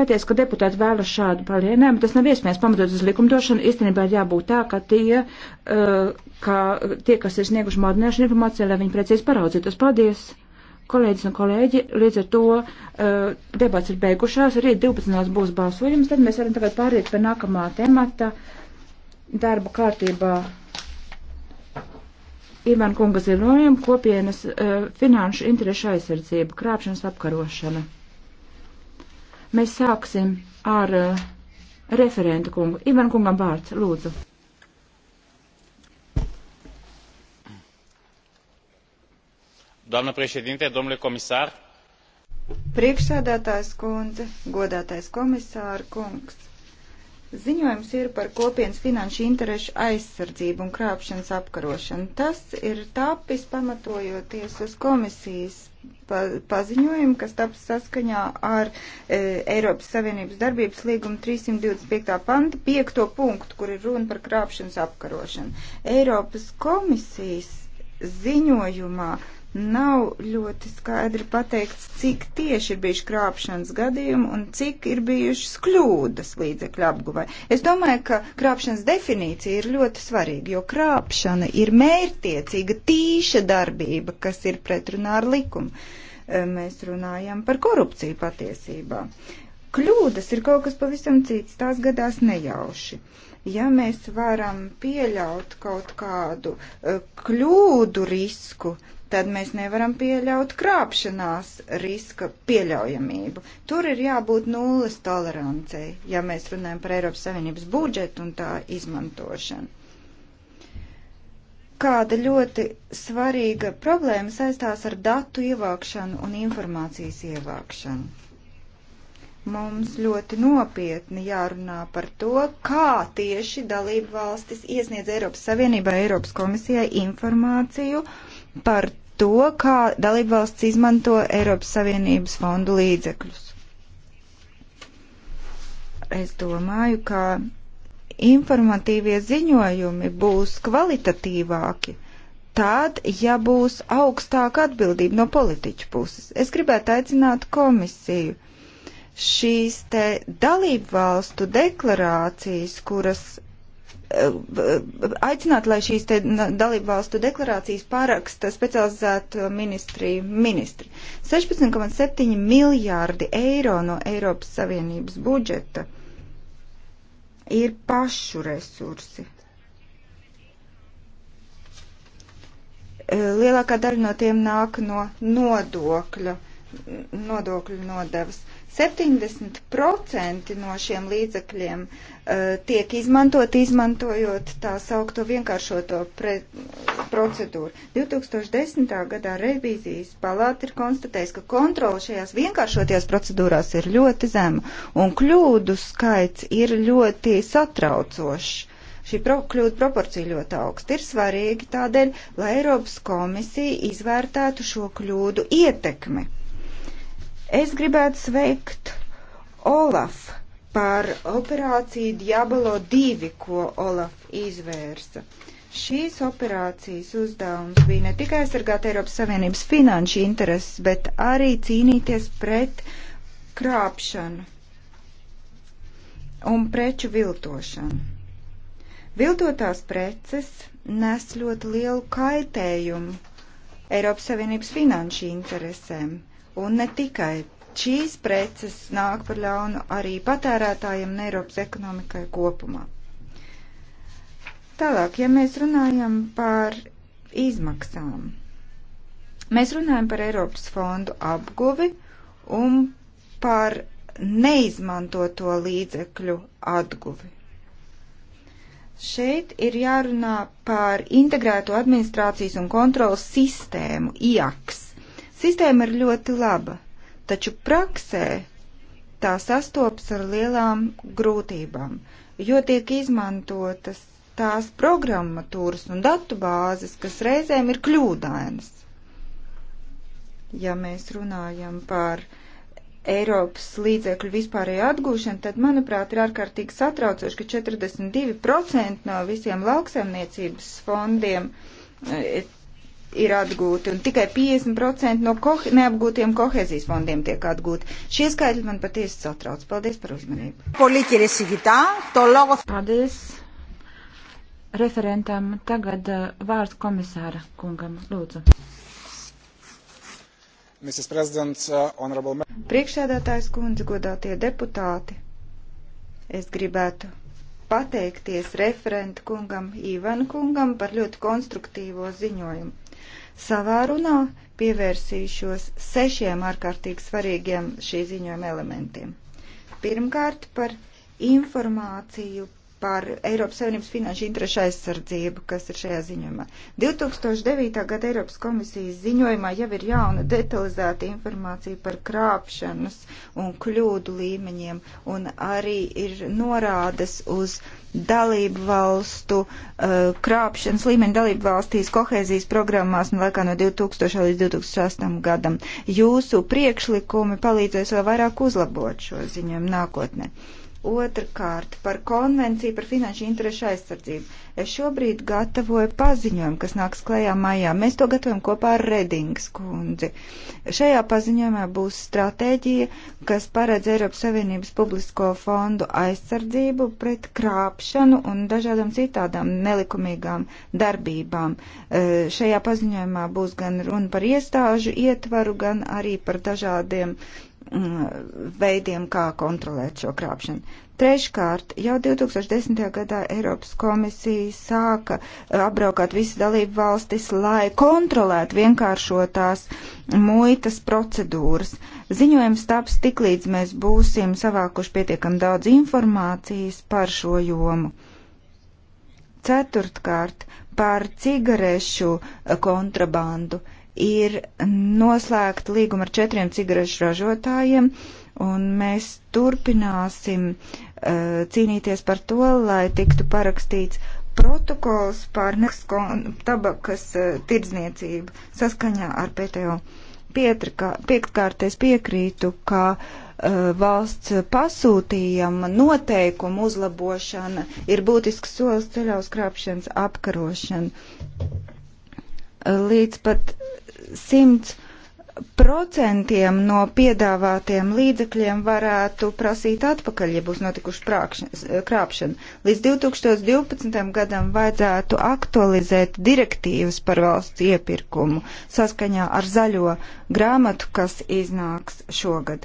Pēties, ka deputāti vēlas šādu palienēm, tas nav iespējams pamatot uz likumdošanu. Īstenībā ir jābūt tā, ka tie, uh, ka tie kas ir snieguši modināšanu informāciju, lai viņi precīzi paraudzītos. Paldies, kolēģis un kolēģi. Līdz ar to uh, debats ir beigušās. Rīt 12. būs balsojums. Tad mēs varam tagad pāriet pie nākamā temata darba kārtībā. Ivan kunga ziņojumu kopienas uh, finanšu interešu aizsardzība, krāpšanas apkarošana. Mēs sāksim ar uh, referentu kungu. Ivan kungam vārds, lūdzu. Doamnă președinte, domnule comisar. Priekšsēdētājs kundze, godātais komisāra kungs. Ziņojums ir par kopienas finanšu interešu aizsardzību un krāpšanas apkarošanu. Tas ir tapis pamatojoties uz komisijas pa, paziņojumu, kas taps saskaņā ar e, Eiropas Savienības darbības līguma 325. panta 5. punktu, kur ir runa par krāpšanas apkarošanu. Eiropas komisijas ziņojumā Nav ļoti skaidri pateikts, cik tieši ir bijuši krāpšanas gadījumi un cik ir bijušas kļūdas līdzekļu apguvai. Es domāju, ka krāpšanas definīcija ir ļoti svarīga, jo krāpšana ir mērtiecīga, tīša darbība, kas ir pretrunā ar likumu. Eh, mēs runājam par korupciju patiesībā. Kļūdas ir kaut kas pavisam cits, tās gadās nejauši. Ja mēs varam pieļaut kaut kādu uh, kļūdu risku, tad mēs nevaram pieļaut krāpšanās riska pieļaujamību. Tur ir jābūt nulles tolerancei, ja mēs runājam par Eiropas Savienības budžetu un tā izmantošanu. Kāda ļoti svarīga problēma saistās ar datu ievākšanu un informācijas ievākšanu. Mums ļoti nopietni jārunā par to, kā tieši dalību valstis iesniedz Eiropas Savienībā, Eiropas komisijai informāciju par to, kā dalībvalsts izmanto Eiropas Savienības fondu līdzekļus. Es domāju, ka informatīvie ziņojumi būs kvalitatīvāki tad, ja būs augstāka atbildība no politiķu puses. Es gribētu aicināt komisiju šīs te dalību valstu deklarācijas, kuras Eh, aicināt, lai šīs te dalībvalstu deklarācijas pāraksta specializēto ministriju ministri. 16,7 miljārdi eiro no Eiropas Savienības budžeta ir pašu resursi. Eh, lielākā daļa no tiem nāk no nodokļa, nodokļu nodevas. Uh, 70% no šiem līdzekļiem uh, tiek izmantot, izmantojot tā saukto vienkāršoto pre, procedūru. 2010. gadā revīzijas palāta ir konstatējusi, ka kontrola šajās vienkāršotajās procedūrās ir ļoti zema un kļūdu skaits ir ļoti satraucošs. Šī pro, kļūda proporcija ļoti augsta. Ir svarīgi tādēļ, lai Eiropas komisija izvērtētu šo kļūdu ietekmi Es gribētu sveikt Olaf par operāciju Diabolo 2, ko Olaf izvērsa. Šīs operācijas uzdevums bija ne tikai aizsargāt Eiropas Savienības finanšu intereses, bet arī cīnīties pret krāpšanu un preču viltošanu. Viltotās preces nes ļoti lielu kaitējumu Eiropas Savienības finanšu interesēm. Un ne tikai šīs preces nāk par ļaunu arī patērētājiem un Eiropas ekonomikai kopumā. Tālāk, ja mēs runājam par izmaksām, mēs runājam par Eiropas fondu apguvi un par neizmantoto līdzekļu atguvi. Šeit ir jārunā par integrēto administrācijas un kontrolas sistēmu IAKS. Sistēma ir ļoti laba, taču praksē tā sastopas ar lielām grūtībām, jo tiek izmantotas tās programmatūras un datu bāzes, kas reizēm ir kļūdainas. Ja mēs runājam par Eiropas līdzekļu vispārēju atgūšanu, tad, manuprāt, ir ārkārtīgi satraucoši, ka 42% no visiem lauksaimniecības fondiem eh, ir atgūti, un tikai 50% no ko neapgūtiem kohezijas fondiem tiek atgūti. Šie skaitļi man patiesi satrauc. Paldies par uzmanību. Paldies referentam. Tagad uh, vārds komisāra kungam. Lūdzu. Uh, Honorable... Priekšsēdētājs kundze, godātie deputāti, es gribētu pateikties referentu kungam Īvanu kungam par ļoti konstruktīvo ziņojumu. Savā runā pievērsīšos sešiem ārkārtīgi svarīgiem šī ziņojuma elementiem. Pirmkārt, par informāciju par Eiropas Savienības finanšu interešu aizsardzību, kas ir šajā ziņojumā. 2009. gada Eiropas komisijas ziņojumā jau ir jauna detalizēta informācija par krāpšanas un kļūdu līmeņiem, un arī ir norādes uz dalību valstu uh, krāpšanas līmeni dalību valstīs kohēzijas programmās no laikā no 2000 līdz 2008 gadam. Jūsu priekšlikumi palīdzēs vēl vairāk uzlabot šo ziņojumu nākotnē. Uh, Otrakārt, par konvenciju par finanšu interešu aizsardzību. Es šobrīd gatavoju paziņojumu, kas nāks klējā maijā. Mēs to gatavojam kopā ar Redingas kundzi. Šajā paziņojumā būs stratēģija, kas paredz Eiropas Savienības publisko fondu aizsardzību pret krāpšanu un dažādām citādām nelikumīgām darbībām. E, šajā paziņojumā būs gan runa par iestāžu ietvaru, gan arī par dažādiem uh, Mm, veidiem, kā kontrolēt šo krāpšanu. Treškārt, jau 2010. gadā Eiropas komisija sāka eh, apbraukāt visas dalību valstis, lai kontrolētu vienkāršotās muitas procedūras. Ziņojums taps tik līdz mēs būsim savākuši pietiekam daudz informācijas par šo jomu. Ceturtkārt, par cigarešu eh, kontrabandu. Uh, ir noslēgta līguma ar četriem cigarešu ražotājiem, un mēs turpināsim uh, cīnīties par to, lai tiktu parakstīts protokols par tabakas uh, tirdzniecību saskaņā ar PTO. Piektkārt, es piekrītu, ka uh, valsts pasūtījuma noteikumu uzlabošana ir būtisks solis ceļā uz krāpšanas apkarošanu. Līdz pat simts procentiem no piedāvātiem līdzekļiem varētu prasīt atpakaļ, ja būs notikuši prākšana, krāpšana. Līdz 2012. gadam vajadzētu aktualizēt direktīvas par valsts iepirkumu saskaņā ar zaļo grāmatu, kas iznāks šogad.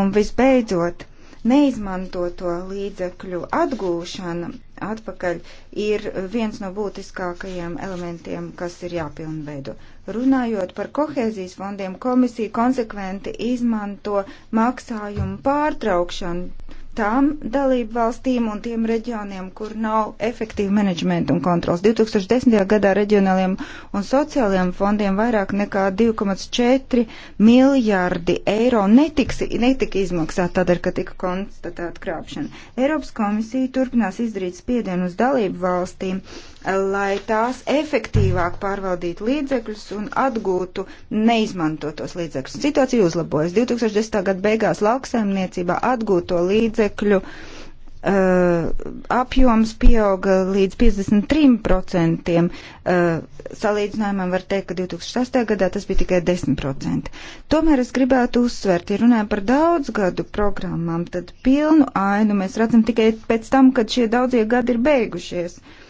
Un visbeidzot, neizmantoto līdzekļu atgūšana atpakaļ, ir viens no būtiskākajiem elementiem, kas ir jāpilnveido. Runājot par kohēzijas fondiem, komisija konsekventi izmanto maksājumu pārtraukšanu tām dalību valstīm un tiem reģioniem, kur nav efektīva menedžmenta un kontrols. 2010. gadā reģionāliem un sociālajiem fondiem vairāk nekā 2,4 miljārdi eiro netiks, netika izmaksāt tādēļ, ka tika konstatēta krāpšana. Eiropas komisija turpinās izdarīt spiedienu uz dalību valstīm, lai tās efektīvāk pārvaldītu līdzekļus un atgūtu neizmantotos līdzekļus. Situācija uzlabojas. 2010. gada beigās lauksaimniecībā atgūto līdzekļu līdzekļu uh, apjoms pieauga līdz 53%. Uh, salīdzinājumam var teikt, ka 2008. gadā tas bija tikai 10%. Tomēr es gribētu uzsvērt, ja runājam par daudzgadu programmām, tad pilnu ainu mēs redzam tikai pēc tam, kad šie daudzie gadi ir beigušies. Uh,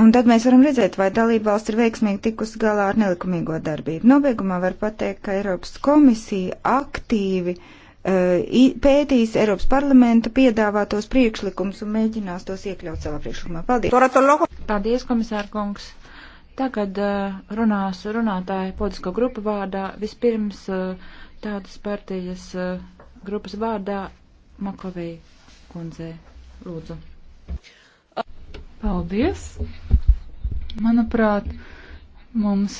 Un tad mēs varam redzēt, vai dalībvalsts ir veiksmīgi tikus galā ar nelikumīgo darbību. Nobeigumā var pateikt, ka Eiropas komisija aktīvi uh, pētīs Eiropas parlamenta piedāvātos priekšlikumus un mēģinās tos iekļaut savā priekšlikumā. Paldies! Paldies, komisārkungs! Tagad uh, runās runātāja politisko grupu vārdā. Vispirms uh, eh, tādas partijas grupas vārdā Makovei kundzei. Lūdzu. Paldies! Manuprāt, mums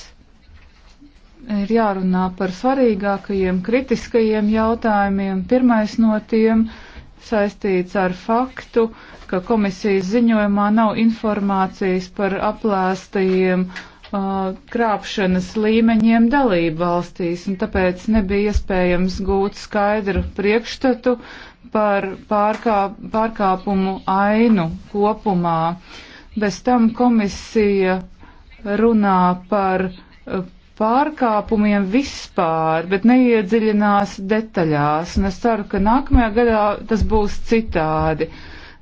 ir jārunā par svarīgākajiem, kritiskajiem jautājumiem. Pirmais no tiem saistīts ar faktu, ka komisijas ziņojumā nav informācijas par aplēstajiem uh, uh, krāpšanas līmeņiem dalību valstīs, un tāpēc nebija iespējams gūt skaidru priekšstatu par pārkā, pārkāpumu ainu kopumā. Bez tam komisija runā par uh, pārkāpumiem vispār, bet neiedziļinās detaļās, un es ceru, ka nākamajā gadā tas būs citādi.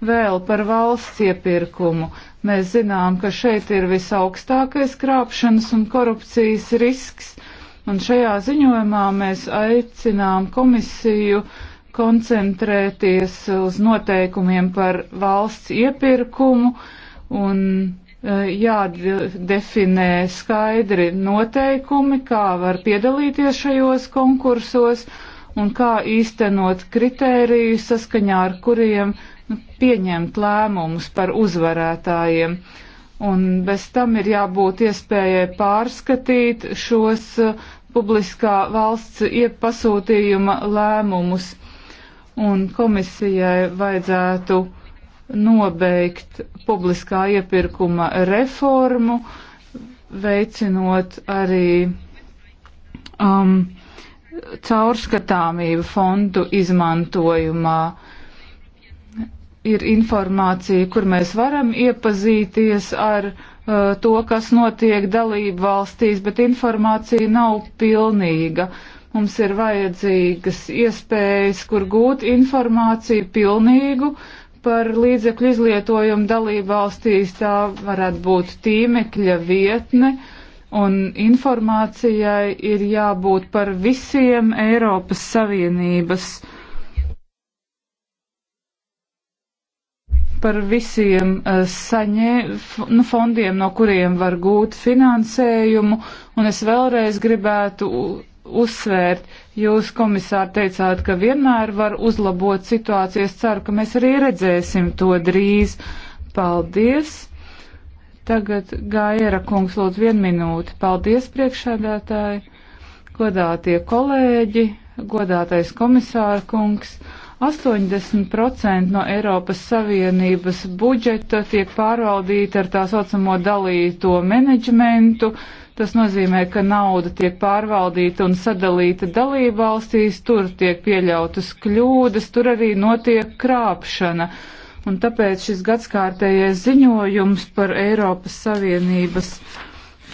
Vēl par valsts iepirkumu. Mēs zinām, ka šeit ir visaugstākais krāpšanas un korupcijas risks, un šajā ziņojumā mēs aicinām komisiju koncentrēties uz noteikumiem par valsts iepirkumu un e, jādefinē skaidri noteikumi, kā var piedalīties šajos konkursos un kā īstenot kritērijus, saskaņā ar kuriem pieņemt lēmumus par uzvarētājiem. Un bez tam ir jābūt iespējai pārskatīt šos eh, publiskā valsts iepasūtījuma lēmumus. Un komisijai vajadzētu nobeigt publiskā iepirkuma reformu, veicinot arī um, caurskatāmību fondu izmantojumā. Uh, ir informācija, kur mēs varam iepazīties ar uh, to, kas notiek dalību valstīs, bet informācija nav pilnīga. Mums ir vajadzīgas iespējas, kur gūt informāciju pilnīgu par līdzekļu izlietojumu dalību valstīs. Tā varētu būt tīmekļa vietne, un informācijai ir jābūt par visiem Eiropas Savienības uh, par visiem eh, saņē, nu, fondiem, no kuriem var gūt finansējumu, un es vēlreiz gribētu uzsvērt, jūs komisāri teicāt, ka vienmēr var uzlabot situāciju, es ceru, ka mēs arī redzēsim to drīz. Paldies! Tagad Gaiera kungs lūdzu vienu minūti. Paldies priekšādātāji, godātie kolēģi, godātais komisāra kungs. 80% no Eiropas Savienības budžeta tiek pārvaldīta ar tā saucamo dalīto menedžmentu. Tas nozīmē, ka nauda tiek pārvaldīta un sadalīta dalībvalstīs, tur tiek pieļautas kļūdas, tur arī notiek krāpšana. Un tāpēc šis gadskārtējais ziņojums par Eiropas Savienības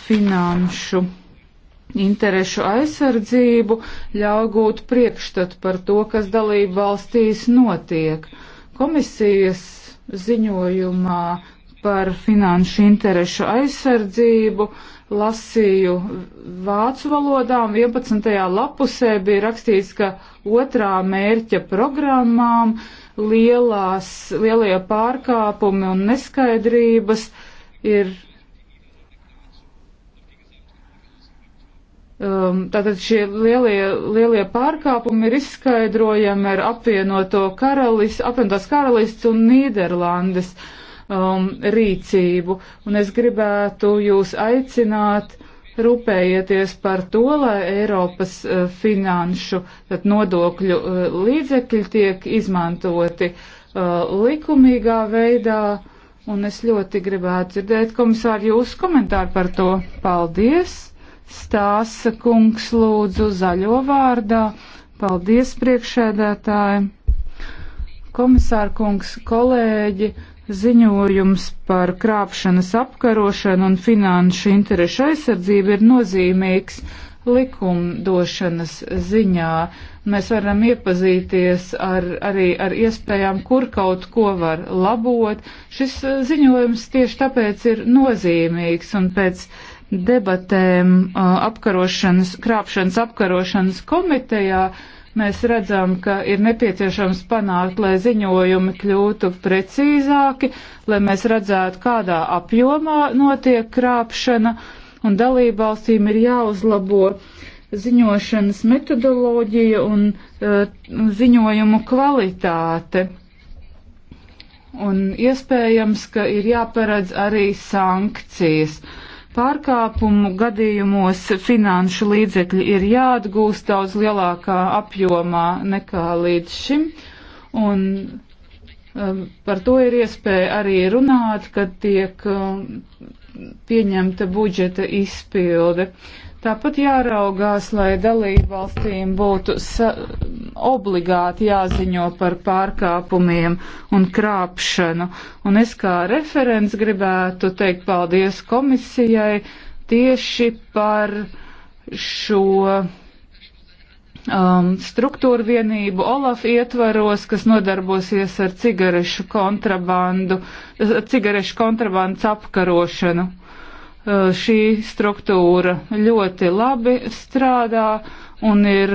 finanšu interešu aizsardzību ļauj gūt priekšstatu par to, kas dalību valstīs notiek. Komisijas ziņojumā par finanšu interešu aizsardzību lasīju vācu valodām. 11. lapusē bija rakstīts, ka otrā mērķa programmām lielās, lielie pārkāpumi un neskaidrības ir Um, tātad šie lielie, lielie pārkāpumi ir izskaidrojami ar apvienoto karalis, apvienotās karalists un Nīderlandes um, rīcību. Un es gribētu jūs aicināt rūpējieties par to, lai Eiropas uh, finanšu nodokļu uh, līdzekļi tiek izmantoti uh, likumīgā veidā. Un es ļoti gribētu dzirdēt komisāru jūsu komentāru par to. Paldies! Stāsa kungs lūdzu zaļo vārdā. Paldies priekšēdētāji. Komisāra kungs, kolēģi, ziņojums par krāpšanas apkarošanu un finanšu interešu aizsardzību ir nozīmīgs likumdošanas ziņā. Mēs varam iepazīties ar, arī ar iespējām, kur kaut ko var labot. Šis ziņojums tieši tāpēc ir nozīmīgs un pēc debatēm apkarošanas, krāpšanas apkarošanas komitejā mēs redzam, ka ir nepieciešams panākt, lai ziņojumi kļūtu precīzāki, lai mēs redzētu, kādā apjomā notiek krāpšana, un dalībvalstīm ir jāuzlabo ziņošanas metodoloģija un uh, ziņojumu kvalitāte. Un iespējams, ka ir jāparedz arī sankcijas. Uh, Pārkāpumu gadījumos finanšu līdzekļi ir jāatgūst daudz lielākā apjomā nekā līdz šim, un um, par to ir iespēja arī runāt, kad tiek um, pieņemta budžeta izpilde. Uh, Tāpat jāraugās, lai dalību valstīm būtu obligāti jāziņo par pārkāpumiem un krāpšanu. Un es kā referents gribētu teikt paldies komisijai tieši par šo um, struktūru vienību Olaf ietvaros, kas nodarbosies ar cigarešu kontrabandu, cigarešu kontrabandas apkarošanu. Eh, šī struktūra ļoti labi strādā un ir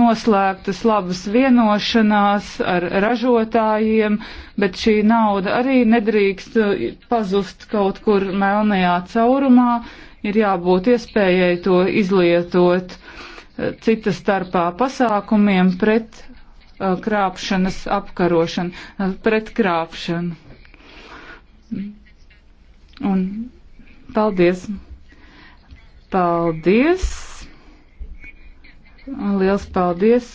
noslēgtas labas vienošanās ar ražotājiem, bet šī nauda arī nedrīkst eh, pazust kaut kur melnajā caurumā, ir jābūt iespējai to izlietot eh, cita starpā pasākumiem pret krāpšanas apkarošanu, pret krāpšanu. Un Paldies! Paldies! Liels paldies!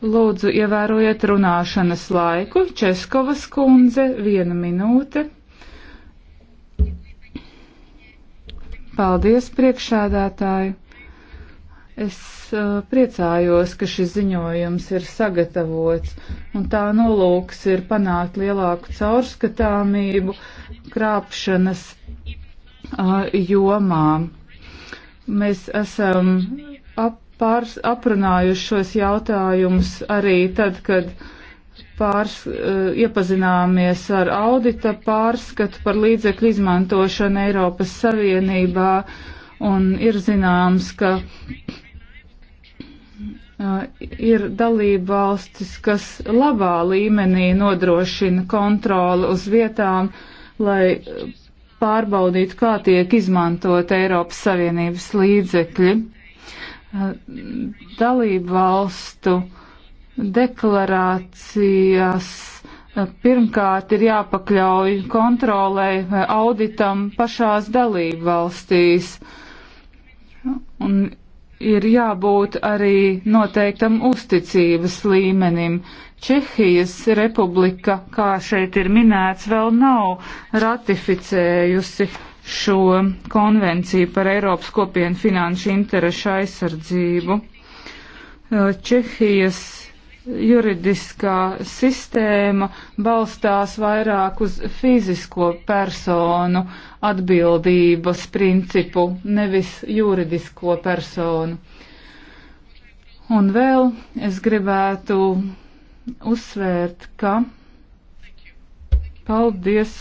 Lūdzu, ievērojiet runāšanas laiku. Českovas kundze, viena minūte. Paldies, priekšādātāji! Es uh, priecājos, ka šis ziņojums ir sagatavots, un tā nolūks ir panākt lielāku caurskatāmību krāpšanas jomām. Mēs esam ap, pārs, aprunājuši šos jautājumus arī tad, kad pārs, iepazināmies ar audita pārskatu par līdzekļu izmantošanu Eiropas Savienībā un ir zināms, ka ir dalība valstis, kas labā līmenī nodrošina kontroli uz vietām, lai pārbaudīt, kā tiek izmantot Eiropas Savienības līdzekļi. Dalību valstu deklarācijas pirmkārt ir jāpakļauj kontrolē vai auditam pašās dalību valstīs. Un ir jābūt arī noteiktam uzticības līmenim. Čehijas republika, kā šeit ir minēts, vēl nav ratificējusi šo konvenciju par Eiropas kopienu finanšu interešu aizsardzību. Čehijas juridiskā sistēma balstās vairāk uz fizisko personu atbildības principu, nevis juridisko personu. Un vēl es gribētu uzsvērt, ka. Paldies!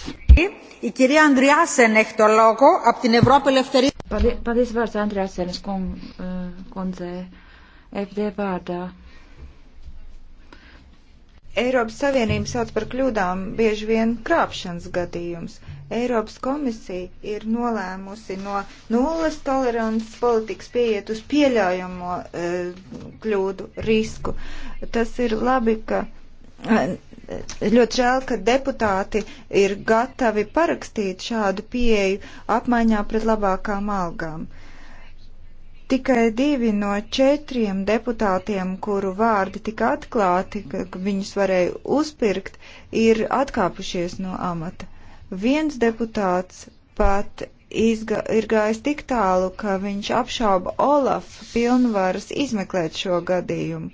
Paldies vārds Andrēsenes kundzē, FD vārdā. Eiropas Savienība sauc par kļūdām bieži vien krāpšanas gadījumus. Eiropas komisija ir nolēmusi no nulles tolerances politikas pieiet uz pieļaujamo e, kļūdu risku. Tas ir labi, ka eh, ļoti žēl, ka deputāti ir gatavi parakstīt šādu pieeju apmaiņā pret labākām algām. E, Tikai divi no četriem deputātiem, kuru vārdi tika atklāti, ka viņus varēja uzpirkt, ir atkāpušies no amata. Viens deputāts pat izga, ir gājis tik tālu, ka viņš apšauba Olafa pilnvaras izmeklēt šo gadījumu.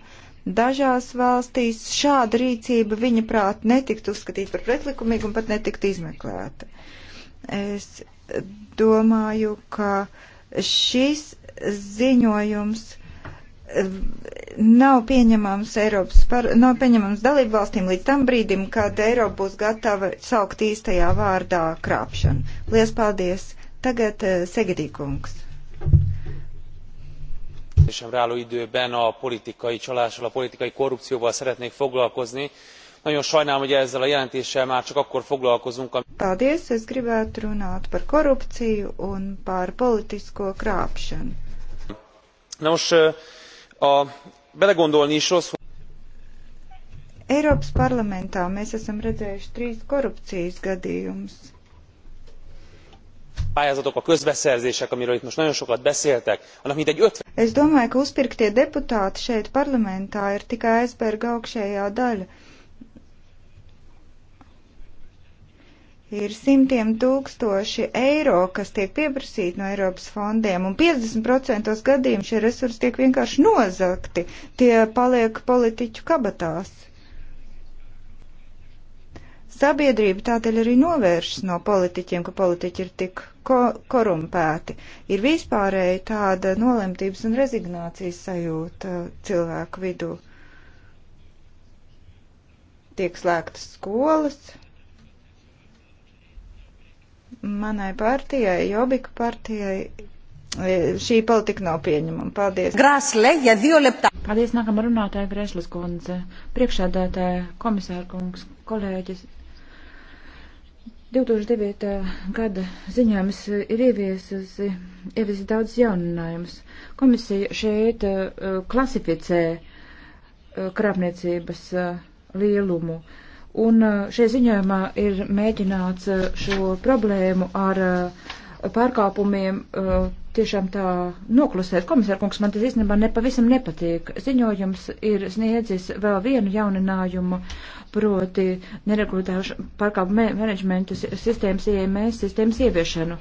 Dažās valstīs šāda rīcība viņa prāt netiktu uzskatīta par pretlikumīgu un pat netiktu izmeklēta. Es domāju, ka šis ziņojums eh, nav pieņemams Eiropas par, nav pieņemams dalību valstīm līdz tam brīdim, kad Eiropa būs gatava saukt īstajā vārdā krāpšanu. Lies paldies! Tagad eh, Segedīkungs. Ráló időben a politikai csalással, a politikai korrupcióval szeretnék foglalkozni. Nagyon sajnálom, hogy ezzel a jelentéssel már csak akkor foglalkozunk, amikor... Paldies, es gribētu runāt par korupciju un par politisko krāpšanu Nos, a belegondolni is rossz. Eiropas parlamentā mēs esam redzējuši trīs korupcijas gadījumus pályázatok a közbeszerzések amiről itt most nagyon sokat beszéltek annak mintegy ötven. Es domāju, ka uzpirktie deputāti šeit parlamentā ir tikai aizberga augšējā daļa. ir simtiem tūkstoši eiro, kas tiek pieprasīti no Eiropas fondiem, un 50% gadījumu šie resursi tiek vienkārši nozakti, tie paliek politiķu kabatās. Sabiedrība tādēļ arī novēršas no politiķiem, ka politiķi ir tik ko korumpēti. Ir vispārēji tāda nolemtības un rezignācijas sajūta cilvēku vidū. Tiek slēgtas skolas, manai partijai, Jobika partijai, e, šī politika nav pieņemama. Paldies. Grāsle, ja divi leptā. Paldies, nākamā runātāja Grēslas kundze, priekšādātāja komisāra kungs, kolēģis. 2009. gada ziņojums ir ieviesusi, ieviesi daudz jauninājumus. Komisija šeit uh, klasificē uh, krāpniecības uh, lielumu. Uh, Un uh, šajā ziņojumā ir mēģināts uh, šo problēmu ar uh, pārkāpumiem tiešām tā noklusēt. Komisārkungs man tas īstenībā nepavisam nepatīk. Ziņojums ir sniedzis vēl vienu jauninājumu, proti neregulētāšu pārkāpumu menedžmentu sistēmas IMS sistēmas ieviešanu.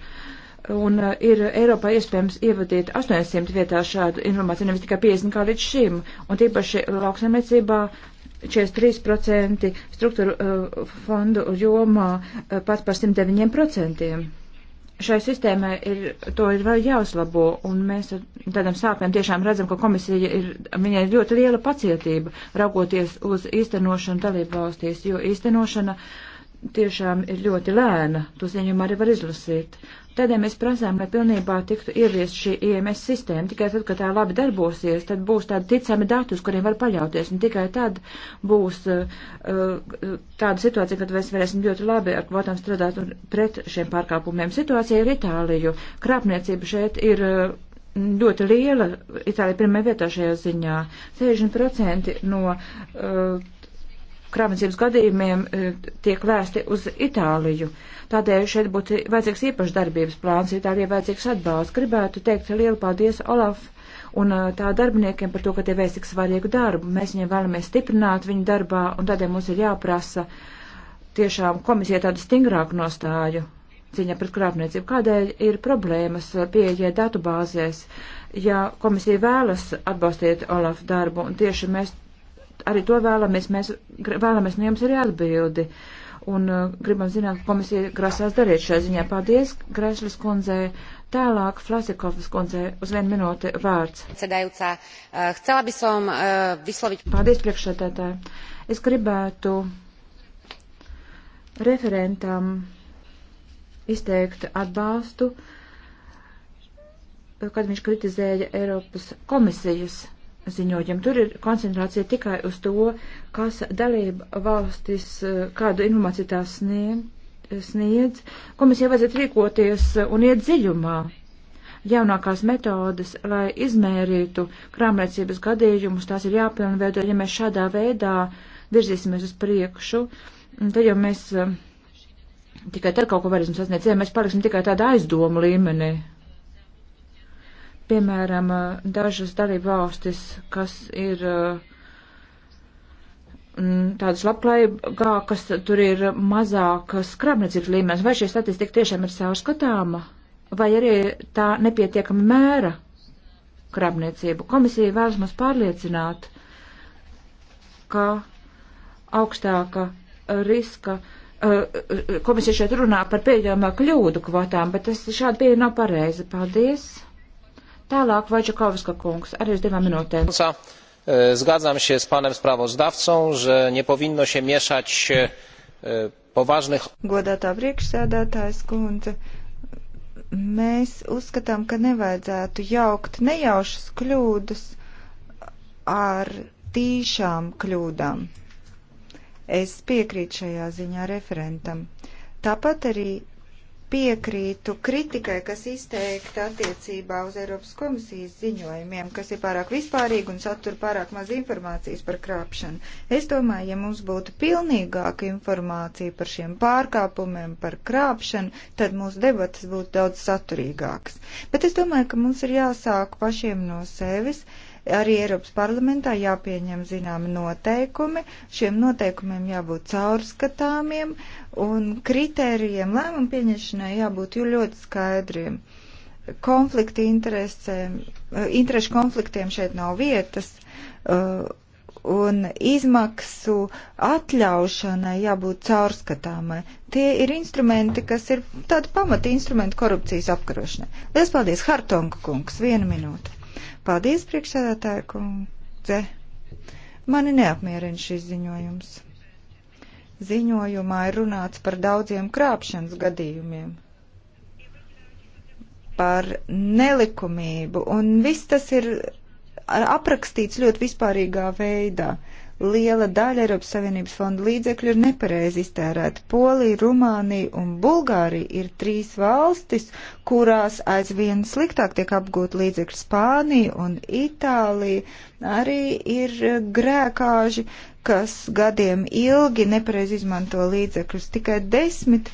Un ir Eiropā iespējams ievadīt 800 vietā šādu informāciju, nevis tikai 50 kā līdz šim. Un tīpaši lauksaimniecībā 43% struktūra uh, fondu jomā uh, pat par 109%. Šai sistēmai ir, to ir vēl jāuzlabo, un mēs ar tādām sāpēm tiešām redzam, ka komisija ir, viņai ir ļoti liela pacietība raugoties uz īstenošanu dalību valstīs, jo īstenošana tiešām ir ļoti lēna, to ziņām arī var izlasīt. Uh, Tādēļ mēs prasām, lai pilnībā tiktu ieviest šī IMS sistēma. Tikai tad, kad tā labi darbosies, tad būs tādi ticami dati, uz kuriem var paļauties. Un tikai tad būs uh, uh tāda situācija, kad mēs varēsim ļoti labi ar kvotām strādāt pret šiem pārkāpumiem. Situācija ir Itāliju. Krāpniecība šeit ir. Uh, ļoti liela, Itālija pirmā vietā šajā ziņā. 60% no uh, krāpniecības gadījumiem e, tiek vēsti uz Itāliju. Tādēļ šeit būtu vajadzīgs īpašs darbības plāns, Itālijai vajadzīgs atbalsts. Gribētu teikt lielu paldies Olaf un e, tā darbiniekiem par to, ka tie veic tik svarīgu darbu. Mēs viņiem vēlamies stiprināt viņu darbā, un tādēļ mums ir jāprasa tiešām komisija tādu stingrāku nostāju cīņā pret krāpniecību. Kādēļ ir problēmas pieejai datubāzēs, ja komisija vēlas atbalstīt Olaf darbu, un tieši mēs arī to vēlamies, mēs vēlamies no jums arī atbildi. Un uh, gribam zināt, ko komisija grasās darīt šajā ziņā. Paldies, Grēšļas kundzei. Tālāk, Flasikovas kundzei, uz vienu minūti vārds. Cedējūcā, uh, chcela uh, bisom uh, vysloviť. Paldies, priekšsētētāji. Es gribētu referentam izteikt atbalstu, kad viņš kritizēja Eiropas komisijas ziņojumu. Tur ir koncentrācija tikai uz to, kas dalība valstis, eh, kādu informāciju tās sniedz, komisija vajadzētu rīkoties un iet dziļumā. Jaunākās metodas, lai izmērītu krāmniecības gadījumus, tās ir jāpilnveido, ja mēs šādā veidā virzīsimies uz priekšu, tad jau mēs eh, tikai tad kaut ko varēsim sasniegt, ja mēs paliksim tikai tādā aizdomu līmenī piemēram, dažas dalību valstis, kas ir tādas labklājīgākas, tur ir mazāk skrābniecības līmenis. Vai šī statistika tiešām ir caurskatāma, vai arī tā nepietiekama mēra krāpniecību? Komisija vēlas mums pārliecināt, ka augstāka riska komisija šeit runā par pieļaujamā kļūdu kvotām, bet tas šādi pieeja nav pareizi. Paldies! Tālāk Vaļčakovska kungs, arī uz divām minūtēm. E, zgadzam się z panem sprawozdawcą, że nie powinno się mieszać e, poważnych. Godātā priekšsēdētājs kundze, mēs uzskatām, ka nevajadzētu jaukt nejaušas kļūdas ar tīšām kļūdām. Es piekrītu šajā ziņā referentam. Tāpat arī piekrītu kritikai, kas izteikta attiecībā uz Eiropas komisijas ziņojumiem, kas ir pārāk vispārīgi un satur pārāk maz informācijas par krāpšanu. Es domāju, ja mums būtu pilnīgāka informācija par šiem pārkāpumiem, par krāpšanu, tad mūsu debatas būtu daudz saturīgākas. Bet es domāju, ka mums ir jāsāk pašiem no sevis. Uh, Arī Eiropas parlamentā jāpieņem zināmi noteikumi, šiem noteikumiem jābūt caurskatāmiem un kritērijiem lēmumu pieņemšanai jābūt ļoti skaidriem. Konflikti interesēm, interešu konfliktiem šeit nav vietas. Uh, un izmaksu atļaušanai jābūt caurskatāmai. Tie ir instrumenti, kas ir tādi pamati instrumenti korupcijas apkarošanai. Lielas paldies, Hartonga kungs, viena minūte. Paldies, priekšsēdētāja kundze. Mani neapmierina šis ziņojums. Ziņojumā ir runāts par daudziem krāpšanas gadījumiem, par nelikumību, un viss tas ir aprakstīts ļoti vispārīgā veidā. Uh, liela daļa Eiropas Savienības fonda līdzekļu ir nepareizi iztērēta. Polija, Rumānija un Bulgārija ir trīs valstis, kurās aizvien sliktāk tiek apgūt līdzekļu. Spānija un Itālija arī ir grēkāži, kas gadiem ilgi nepareizi izmanto līdzekļus. Tikai desmit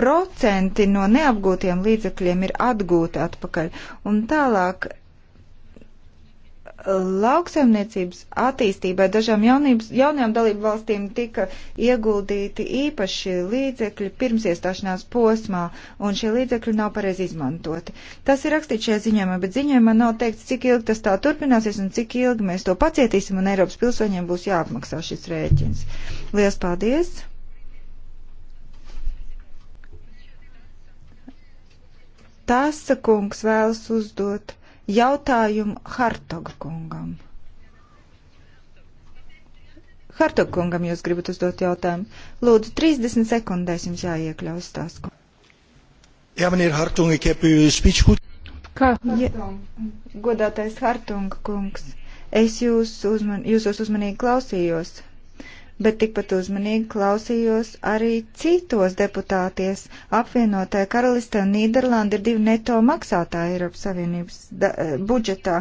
procenti no neapgūtiem līdzekļiem ir atgūti atpakaļ. Un tālāk lauksaimniecības attīstībai dažām jaunības, jaunajām dalību valstīm tika ieguldīti īpaši līdzekļi pirms iestāšanās posmā, un šie līdzekļi nav pareizi izmantoti. Tas ir rakstīts šajā ziņojumā, bet ziņojumā nav teikts, cik ilgi tas tā turpināsies un cik ilgi mēs to pacietīsim, un Eiropas pilsoņiem būs jāapmaksā šis rēķins. Lielas paldies! Tasa kungs vēlas uzdot jautājumu Hartoga kungam. Hartoga kungam jūs gribat uzdot jautājumu. Lūdzu, 30 sekundēs jums jāiekļaus stāstu. Jā, man ir Hartunga, ik heb uw speech goed. Kā? Ja, godātais Hartunga kungs, es jūs uzman, jūsos uzmanīgi klausījos bet tikpat uzmanīgi klausījos arī citos deputāties. Apvienotāja karaliste un Nīderlanda ir divi neto maksātāji Eiropas Savienības da, eh, budžetā.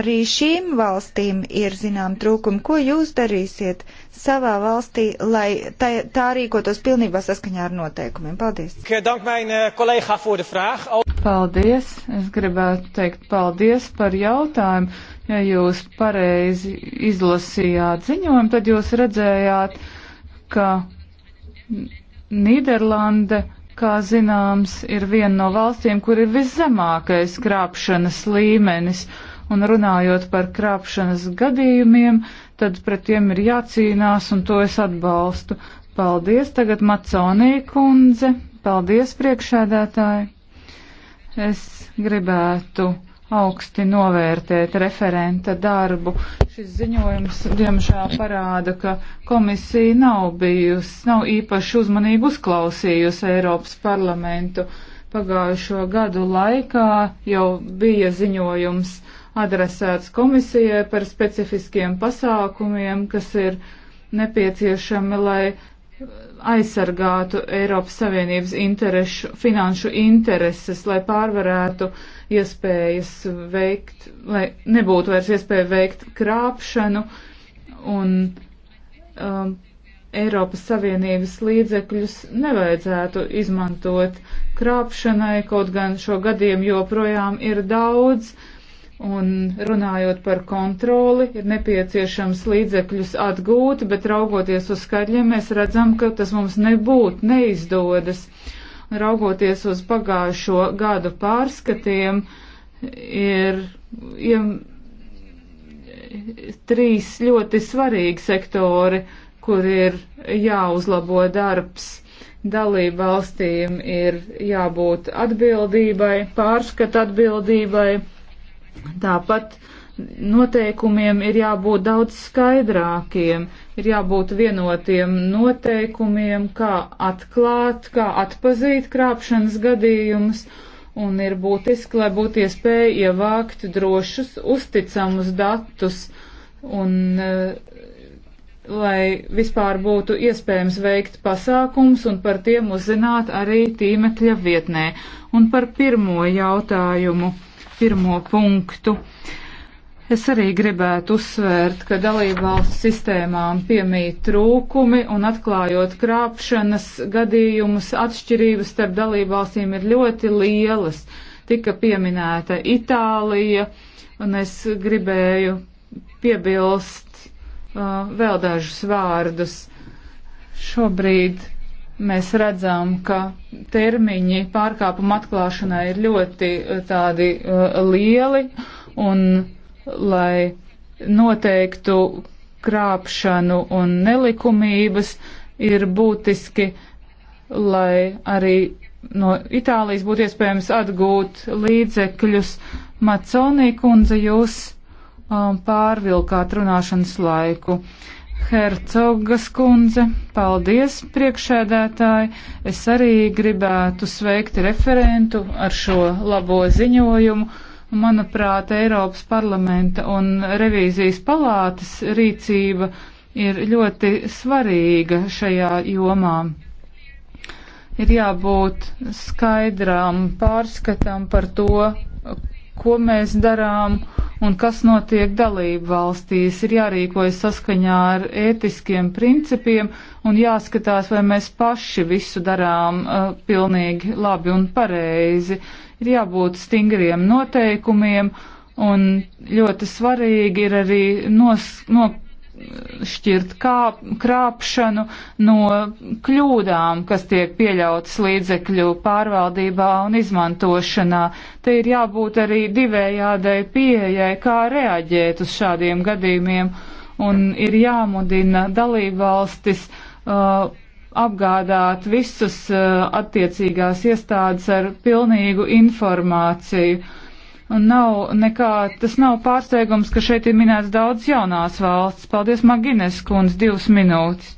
Arī šīm valstīm ir zinām trūkumi. Ko jūs darīsiet savā valstī, lai tā, tā rīkotos pilnībā saskaņā ar noteikumiem? Paldies! Eh, paldies! Es gribētu teikt paldies par jautājumu Ja jūs pareizi izlasījāt ziņojumu, tad jūs redzējāt, ka Nīderlande, kā zināms, ir viena no valstīm, kur ir viszemākais krāpšanas līmenis. Un runājot par krāpšanas gadījumiem, tad pret tiem ir jācīnās, un to es atbalstu. Paldies tagad Maconī kundze, paldies priekšēdētāji. Es gribētu augsti novērtēt referenta darbu. Šis ziņojums, diemžēl, parāda, ka komisija nav bijusi, nav īpaši uzmanīgi uzklausījusi Eiropas parlamentu. Pagājušo gadu laikā jau bija ziņojums adresēts komisijai par specifiskiem pasākumiem, kas ir nepieciešami, lai aizsargātu Eiropas Savienības interešu, finanšu intereses, lai pārvarētu iespējas veikt, lai nebūtu vairs iespēja veikt krāpšanu un um, Eiropas Savienības līdzekļus nevajadzētu izmantot krāpšanai, kaut gan šo gadījumu joprojām ir daudz. Uh, Un runājot par kontroli, ir nepieciešams līdzekļus atgūt, bet raugoties uz skaļiem, mēs redzam, ka tas mums nebūtu neizdodas. Raugoties uz pagājušo gadu pārskatiem, ir ja, trīs ļoti svarīgi sektori, kur ir jāuzlabo darbs. Dalību valstīm ir jābūt atbildībai, pārskata atbildībai Tāpat noteikumiem ir jābūt daudz skaidrākiem, ir jābūt vienotiem noteikumiem, kā atklāt, kā atpazīt krāpšanas gadījumus, un ir būtiski, lai būtu iespēja ievākt drošus, uzticamus datus, un eh, lai vispār būtu iespējams veikt pasākums un par tiem uzzināt arī tīmekļa vietnē. Un par pirmo jautājumu pirmo punktu. Es arī gribētu uzsvērt, ka dalībvalsts sistēmām piemīt trūkumi un atklājot krāpšanas gadījumus, atšķirības starp dalībvalstīm ir ļoti lielas. Tika pieminēta Itālija, un es gribēju piebilst uh, vēl dažus vārdus. Šobrīd mēs redzam, ka termiņi pārkāpuma atklāšanai ir ļoti eh, tādi uh, lieli un lai noteiktu krāpšanu un nelikumības ir būtiski, lai arī no Itālijas būtu iespējams atgūt līdzekļus. Maconī kundze, jūs um, pārvilkāt runāšanas laiku. Uh, Hercogas kundze, paldies priekšēdētāji. Es arī gribētu sveikt referentu ar šo labo ziņojumu. Manuprāt, Eiropas parlamenta un revīzijas palātas rīcība ir ļoti svarīga šajā jomā. Ir jābūt skaidrām pārskatām par to, ko mēs darām un kas notiek dalību valstīs. Ir jārīkojas saskaņā ar ētiskiem principiem un jāskatās, vai mēs paši visu darām uh, pilnīgi labi un pareizi. Ir jābūt stingriem noteikumiem un ļoti svarīgi ir arī nos, no, šķirt kā, krāpšanu no kļūdām, kas tiek pieļautas līdzekļu pārvaldībā un izmantošanā. Te ir jābūt arī divējādai pieejai, kā reaģēt uz šādiem gadījumiem, un ir jāmudina dalībvalstis uh, apgādāt visus uh, attiecīgās iestādes ar pilnīgu informāciju. Uh, Un nav nekā, tas nav pārsteigums, ka šeit ir minēts daudz jaunās valsts. Paldies, Magines kundz, divas minūtes.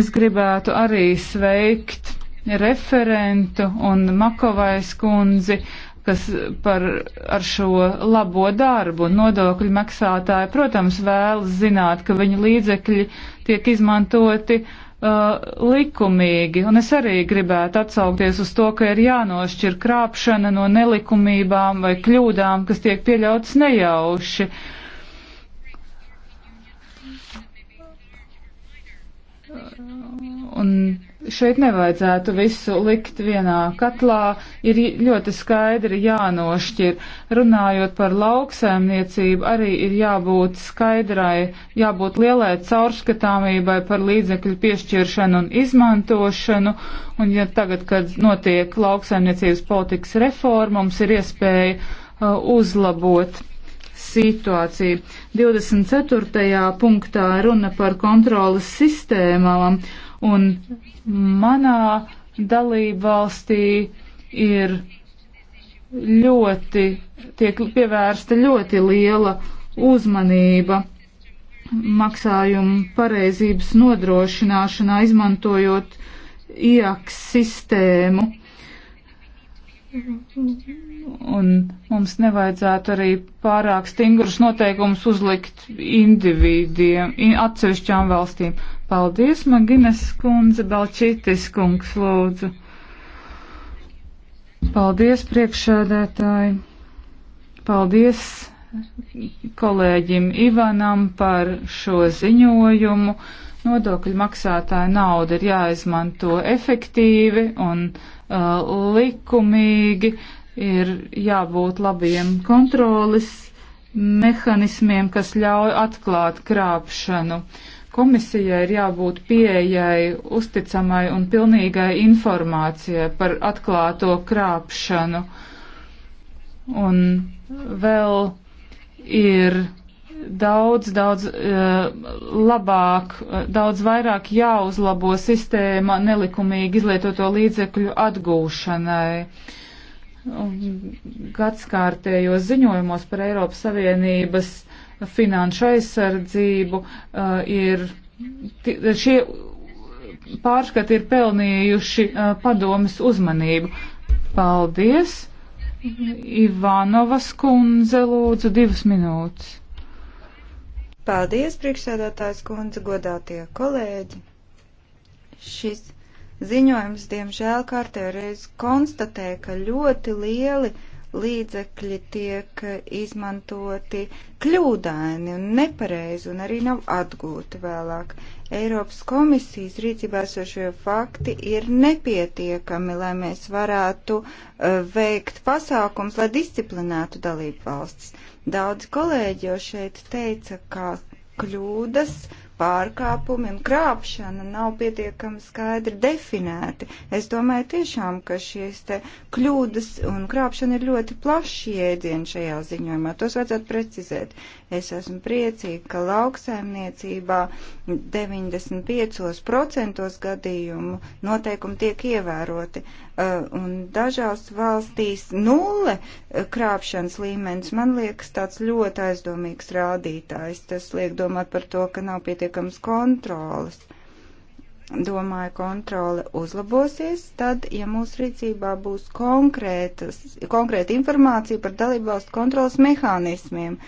Es gribētu arī sveikt referentu un Makovais kundzi, kas par, ar šo labo darbu nodokļu maksātāji, protams, vēlas zināt, ka viņu līdzekļi tiek izmantoti uh, uh, likumīgi. Un es arī gribētu atsaukties uz to, ka ir jānošķir krāpšana no nelikumībām vai kļūdām, kas tiek pieļautas nejauši. Un šeit nevajadzētu visu likt vienā katlā, ir ļoti skaidri jānošķir. Runājot par lauksaimniecību, arī ir jābūt skaidrai, jābūt lielai caurskatāmībai par līdzekļu piešķiršanu un izmantošanu. Un ja tagad, kad notiek lauksaimniecības politikas reforma, mums ir iespēja uh, uzlabot situāciju. 24. punktā runa par kontrolas sistēmām Un manā dalība valstī ir ļoti, tiek pievērsta ļoti liela uzmanība maksājumu pareizības nodrošināšanā, izmantojot IAKS sistēmu. Un mums nevajadzētu arī pārāk stingrus noteikumus uzlikt individiem, atsevišķām valstīm. Paldies, Maginas kundze, Balčītis kungs, lūdzu. Paldies, priekšsēdētāji. Paldies kolēģim Ivanam par šo ziņojumu. Nodokļu maksātāja nauda ir jāizmanto efektīvi un uh, likumīgi, ir jābūt labiem kontrolis mehānismiem, kas ļauj atklāt krāpšanu. Uh, Komisijai ir jābūt pieejai, uzticamai un pilnīgai informācijai par atklāto krāpšanu. Un vēl ir daudz, daudz eh, labāk, eh, daudz vairāk jāuzlabo sistēma nelikumīgi izlietoto līdzekļu atgūšanai gadskārtējos ziņojumos par Eiropas Savienības finanšu aizsardzību, uh, ir šie pārskati ir pelnījuši uh, padomas uzmanību. Paldies! Ivanovas kundze, lūdzu, divas minūtes. Paldies, priekšsēdētājs kundze, godātie kolēģi. Šis ziņojums, diemžēl, kārtējo reizi konstatē, ka ļoti lieli uh, līdzekļi tiek izmantoti kļūdaini un nepareizi un arī nav atgūti vēlāk. Eiropas komisijas rīcībā esošie fakti ir nepietiekami, lai mēs varētu eh, veikt pasākums, lai disciplinētu dalību valstis. Daudz kolēģi jau šeit teica, ka kļūdas uh, pārkāpumi un krāpšana nav pietiekami skaidri definēti. Es domāju tiešām, ka šīs te kļūdas un krāpšana ir ļoti plaši jēdzieni šajā ziņojumā. Tos vajadzētu precizēt. Es esmu priecīga, ka lauksaimniecībā 95% gadījumu noteikumi tiek ievēroti. Uh, un dažās valstīs nulle uh, krāpšanas līmenis man liekas tāds ļoti aizdomīgs rādītājs. Tas liek domāt par to, ka nav pietiekami pietiekams kontrolas. Domāju, kontrole uzlabosies, tad, ja mūsu rīcībā būs konkrēta informācija par dalībvalstu kontrolas mehānismiem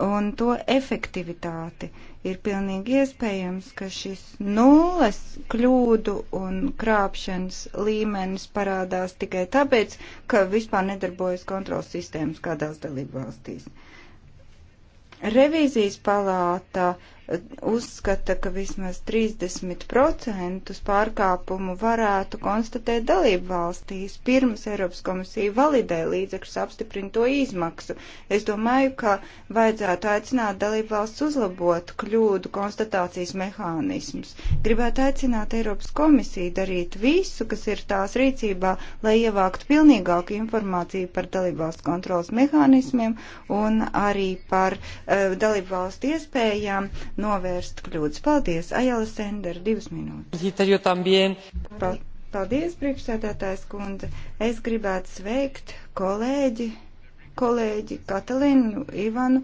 un to efektivitāti, ir pilnīgi iespējams, ka šis nulles kļūdu un krāpšanas līmenis parādās tikai tāpēc, ka vispār nedarbojas kontrols sistēmas kādās dalībvalstīs. Revīzijas palāta uh, uzskata, ka vismaz 30% pārkāpumu varētu konstatēt dalību valstīs, pirms Eiropas komisija validē līdzekļus apstiprina to izmaksu. Es domāju, ka vajadzētu aicināt dalību valsts uzlabot kļūdu konstatācijas mehānismus. Gribētu aicināt Eiropas komisiju darīt visu, kas ir tās rīcībā, lai ievāktu pilnīgāku informāciju par dalību valsts kontrolas mehānismiem un arī par uh, dalību valstu iespējām novērst kļūdas. Paldies, Ajala Sender, divas minūtes. Paldies, priekšsēdētājs kundze. Es gribētu sveikt kolēģi, kolēģi Katalinu Ivanu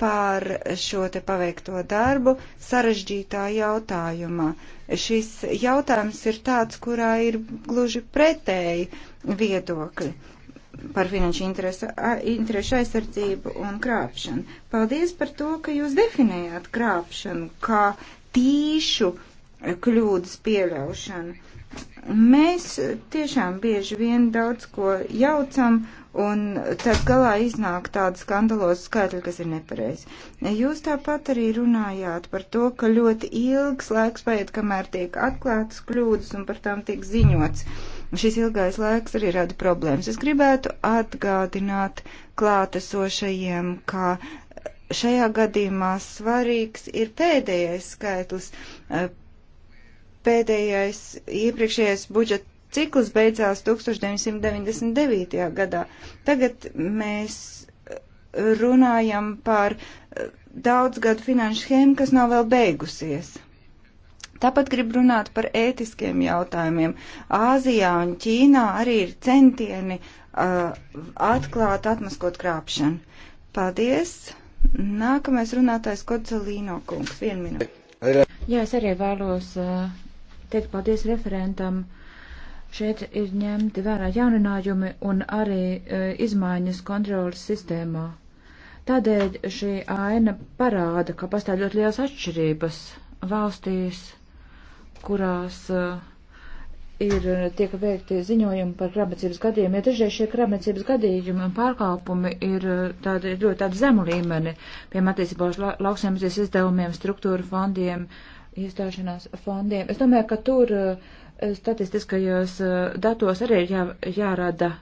par šo te paveikto darbu sarežģītā jautājumā. Šis jautājums ir tāds, kurā ir gluži pretēji viedokļi par finanšu interesa, interešu aizsardzību un krāpšanu. Paldies par to, ka jūs definējāt krāpšanu kā tīšu kļūdas pieļaušanu. Mēs tiešām bieži vien daudz ko jaucam, un tad galā iznāk tāda skandalosa skaitļa, kas ir nepareizi. Jūs tāpat arī runājāt par to, ka ļoti ilgs laiks paiet, kamēr tiek atklātas kļūdas un par tām tiek ziņots. Uh, Šis ilgais laiks arī rada problēmas. Es gribētu atgādināt klātesošajiem, ka šajā gadījumā svarīgs ir pēdējais skaitlis. Eh, pēdējais iepriekšējais budžeta cikls beidzās 1999. gadā. Tagad mēs runājam par eh, daudzgadu finanšu schēmu, kas nav vēl beigusies. Tāpat grib runāt par ētiskiem jautājumiem. Āzijā un Ķīnā arī ir centieni uh, atklāt, atmaskot krāpšanu. Paldies! Nākamais runātājs Kodzelīno kungs. Vienu minūti. Jā, es arī vēlos uh, teikt paldies referentam. Šeit ir ņemti vērā jauninājumi un arī uh, izmaiņas kontrolas sistēmā. Tādēļ šī aina parāda, ka pastāv ļoti liels atšķirības valstīs kurās uh, ir tiek veikti ziņojumi par krāpniecības gadījumiem. Ja dažreiz šie krāpniecības gadījumi un pārkāpumi ir eh, tādi, ļoti tādi zemu līmeni, piemēram, attiecībā uz la, lauksaimniecības izdevumiem, struktūra fondiem, iestāšanās fondiem. Es domāju, ka tur eh, statistiskajos datos arī ir jā, jārada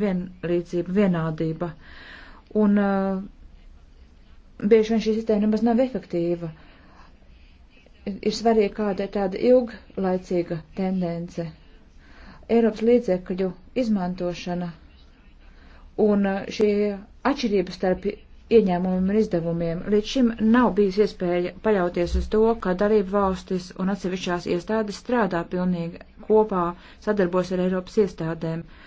vienlīdzība, vienādība. Un bieži vien šī sistēma nemaz nav efektīva. Uh, ir svarīgi, kāda ir tāda ilglaicīga tendence. Eiropas līdzekļu izmantošana un šī atšķirība starp ieņēmumiem un izdevumiem līdz šim nav bijis iespēja paļauties uz to, ka darību valstis un atsevišķās iestādes strādā pilnīgi kopā, sadarbos ar Eiropas iestādēm. Uh,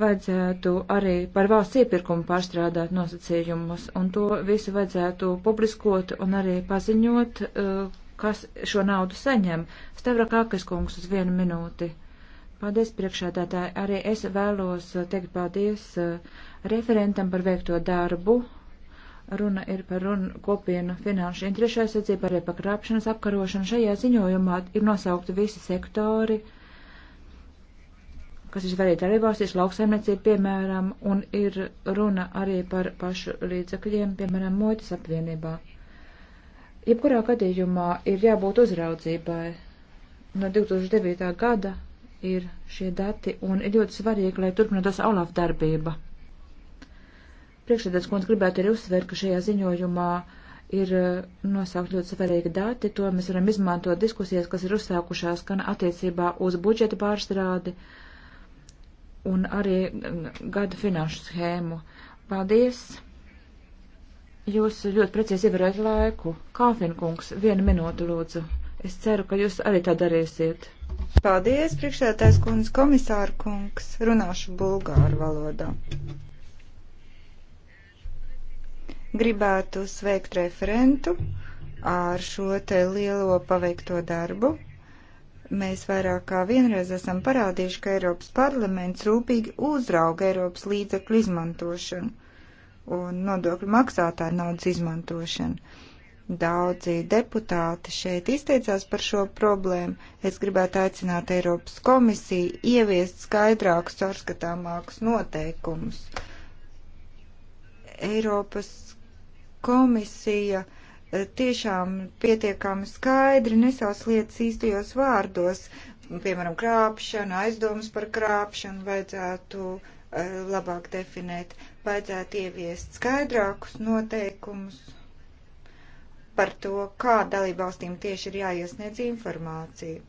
vajadzētu arī par valsts iepirkumu pārstrādāt nosacījumus, un to visu vajadzētu publiskot un arī paziņot, eh, kas šo naudu saņem. Stavrakākas kungs uz vienu minūti. Paldies priekšādātāji. Arī es vēlos eh, teikt paldies eh, referentam par veikto darbu. Runa ir par runu kopienu finanšu interešu aizsardzību, arī par krāpšanas apkarošanu. Šajā ziņojumā ir nosaukti visi sektori. Uh, kas ir svarīgi arī valstīs lauksaimniecība, piemēram, un ir runa arī par pašu līdzakļiem, piemēram, muitas apvienībā. Jebkurā gadījumā ir jābūt uzraudzībai. No 2009. gada ir šie dati, un ir ļoti svarīgi, lai turpinātos Olaf darbība. Priekšsēdētājs kundze gribētu arī uzsvērt, ka šajā ziņojumā ir uh, nosaukt ļoti svarīgi dati, to mēs varam izmantot diskusijas, kas ir uzsākušās gan attiecībā uz budžeta pārstrādi, uh, un arī mm, gada finanšu schēmu. Paldies! Jūs ļoti precīzi ievērējat laiku. Kāfinkungs, vienu minūtu lūdzu. Es ceru, ka jūs arī tā darīsiet. Paldies, priekšsētājs kundze, komisāra kungs. Runāšu bulgāru valodā. Gribētu sveikt referentu ar šo te lielo paveikto darbu. Mēs vairāk kā vienreiz esam parādījuši, ka Eiropas parlaments rūpīgi uzrauga Eiropas līdzekļu izmantošanu un nodokļu maksātāju naudas izmantošanu. Daudzi deputāti šeit izteicās par šo problēmu. Es gribētu aicināt Eiropas komisiju ieviest skaidrākus, caurskatāmākus noteikumus. Eiropas komisija uh, Eh, tiešām pietiekami skaidri nesauc lietas īstajos vārdos, piemēram, krāpšana, aizdomas par krāpšanu vajadzētu eh, labāk definēt, vajadzētu ieviest skaidrākus noteikumus par to, kā dalībvalstīm tieši ir jāiesniedz informācija,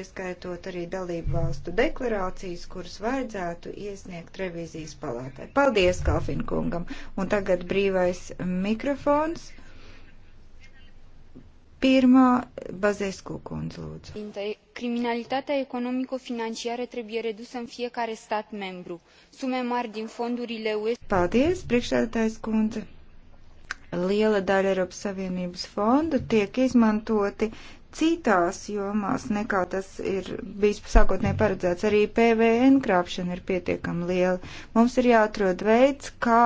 ieskaitot arī dalībvalstu deklarācijas, kuras vajadzētu iesniegt revīzijas palātai. Paldies Kalfinkungam! Un tagad brīvais mikrofons. Pirmā Bazescu kundze, lūdzu. Criminalitatea economico-financiară trebuie redusă în fiecare stat membru. Sume mari din fondurile UE. Paldies, priekšsēdētājs kundze. Liela daļa Eiropas Savienības fondu tiek izmantoti citās jomās nekā tas ir bijis sākotnēji paredzēts. Arī PVN krāpšana ir pietiekami liela. Mums ir jāatrod veids, kā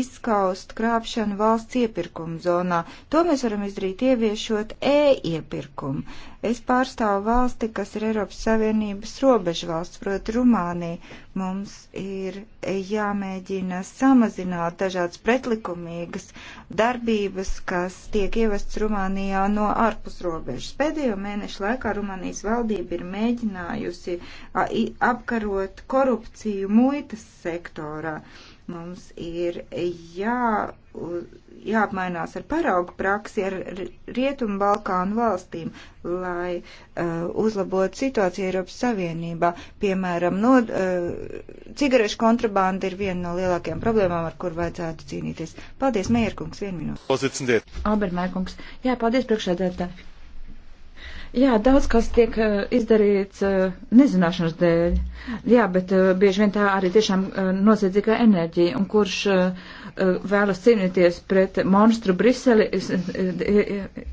izskaust krāpšanu valsts iepirkuma zonā. To mēs varam izdarīt ieviešot e-iepirkumu. Es pārstāvu valsti, kas ir Eiropas Savienības robežu valsts, proti Rumānija. Mums ir jāmēģina samazināt dažādas pretlikumīgas darbības, kas tiek ievestas Rumānijā no ārpus robežas. Pēdējo mēnešu laikā Rumānijas valdība ir mēģinājusi apkarot korupciju muitas sektorā. Mums ir jā jāapmainās ar paraugu praksi ar Rietumu Balkānu valstīm, lai uh, uzlabotu situāciju Eiropas Savienībā. Piemēram, no, uh, cigarešu kontrabanda ir viena no lielākajām problēmām, ar kur vajadzētu cīnīties. Paldies, Mērkungs, vienu minūti. Obermērkungs. Jā, paldies, priekšsēdētāji. Jā, daudz kas tiek eh, izdarīts eh, nezināšanas dēļ. Jā, bet eh, bieži vien tā arī tiešām noziedzīga enerģija, un kurš vēlas cīnīties pret monstru Briseli,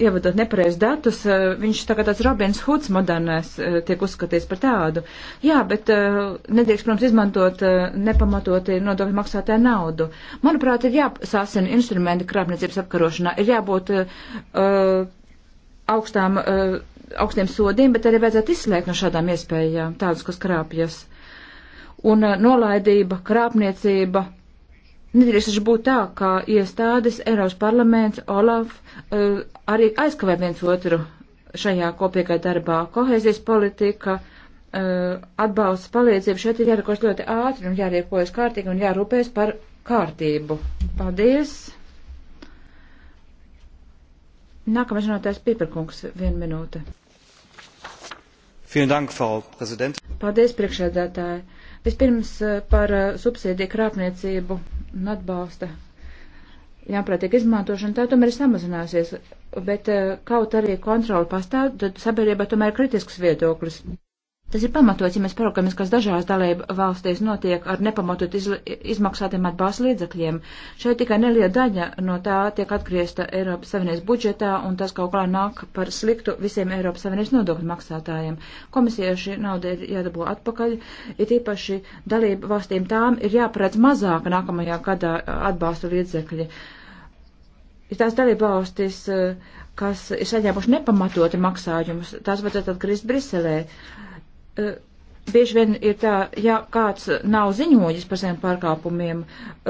ievadot nepareiz datus, viņš tagad tāds Robins Hoods modernais tiek uzskatīts par tādu. Jā, bet nedrīkst, protams, izmantot nepamatoti nodokļu maksātē naudu. Manuprāt, ir jāsāsina instrumenti krāpniecības apkarošanā, ir jābūt uh, augstām. Uh, augstiem sodiem, bet arī vajadzētu izslēgt no šādām iespējām tādus, kas krāpjas. Un eh, nolaidība, krāpniecība. Nedrīkst taču būt tā, ka iestādes Eiropas parlaments, Olaf eh, arī aizkavē viens otru šajā kopīgā darbā. Kohēzijas politika, eh, atbalsts, palīdzība šeit ir jārīkojas ļoti ātri un jārīkojas kārtīgi un jārūpējas par kārtību. Paldies! Nākamais runātājs Pīperkungs, viena minūte. Dank, Frau Paldies, priekšēdētāji. Vispirms eh, par eh, subsīdiju krāpniecību un atbalsta jāprātīgi izmantošana, tā tomēr ir samazinājusies, bet eh, kaut arī kontrola pastāv, tad sabiedrībā tomēr ir kritisks viedoklis. Tas ir pamatots, ja mēs paraugamies, kas dažās dalība valstīs notiek ar nepamatot iz, izmaksātiem atbalsta līdzakļiem. Šeit tikai neliela daļa no tā tiek atgriezta Eiropas Savienības budžetā, un tas kaut kā nāk par sliktu visiem Eiropas Savienības nodokļu maksātājiem. Komisija šī nauda ir jādabū atpakaļ, ir īpaši dalība valstīm tām ir jāparedz mazāk nākamajā gadā atbalsta līdzekļi. Ir tās dalība valstis, kas ir saņēmuši nepamatoti maksājumus, tās vajadzētu atgriezt Briselē. Uh, Eh, bieži vien ir tā, ja kāds nav ziņojis par saviem pārkāpumiem,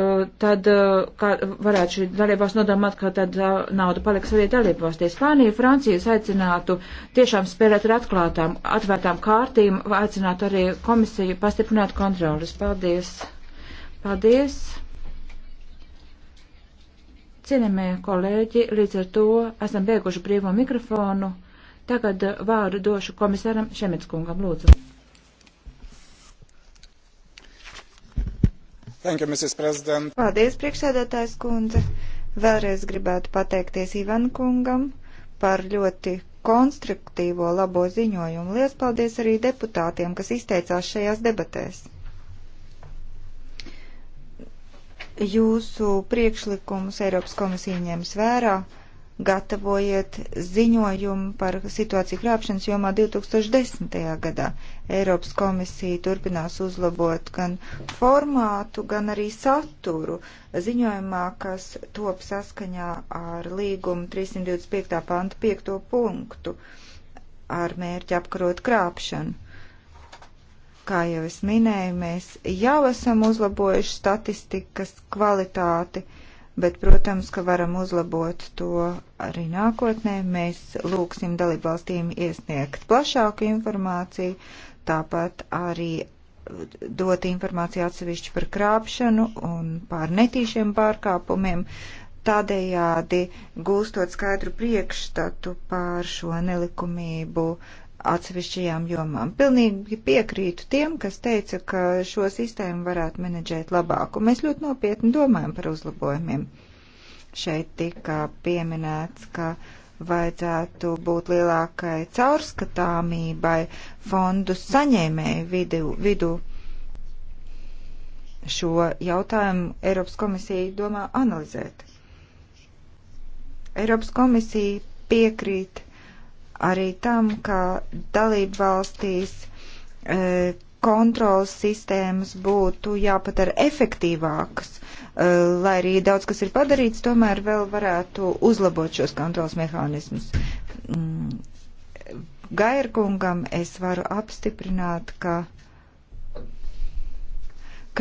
eh, tad eh, kā, varētu šī dalībās nodomāt, ka tad nauda paliks arī dalībvalstī. Spānija, Francijas aicinātu tiešām spēlēt ar atklātām, atvērtām kārtīm, aicinātu arī komisiju pastiprināt kontrolas. Paldies! Paldies! Cienījamie kolēģi, līdz ar to esam beiguši brīvo mikrofonu. Tagad uh, vārdu došu komisāram Šemetskungam, lūdzu. Thank you, Mrs. President. Paldies, priekšsēdētājs kundze. Vēlreiz gribētu pateikties Ivan kungam par ļoti konstruktīvo labo ziņojumu. Lielas paldies arī deputātiem, kas izteicās šajās debatēs. Jūsu priekšlikumus Eiropas komisija ņems vērā gatavojiet ziņojumu par situāciju krāpšanas jomā 2010. gadā. Eiropas komisija turpinās uzlabot gan formātu, gan arī saturu ziņojumā, kas top saskaņā ar līgumu 325. pantu 5. punktu ar mērķi apkarot krāpšanu. Kā jau es minēju, mēs jau esam uzlabojuši statistikas kvalitāti. Uh, bet, protams, ka varam uzlabot to arī nākotnē. Mēs lūksim dalībvalstīm iesniegt plašāku informāciju, tāpat arī dot informāciju atsevišķi par krāpšanu un par netīšiem pārkāpumiem, tādējādi gūstot skaidru priekšstatu par šo nelikumību atsevišķajām jomām. Pilnīgi piekrītu tiem, kas teica, ka šo sistēmu varētu menedžēt labāk, un mēs ļoti nopietni domājam par uzlabojumiem. Šeit tika pieminēts, ka vajadzētu būt lielākai caurskatāmībai fondu saņēmēju vidu. vidu. Šo jautājumu Eiropas komisija domā analizēt. Eiropas komisija piekrīt arī tam, ka dalību valstīs e, kontrolas sistēmas būtu jāpadara efektīvākas, e, lai arī daudz kas ir padarīts, tomēr vēl varētu uzlabot šos kontrolas mehānismus. Mm, Gairkungam es varu apstiprināt, ka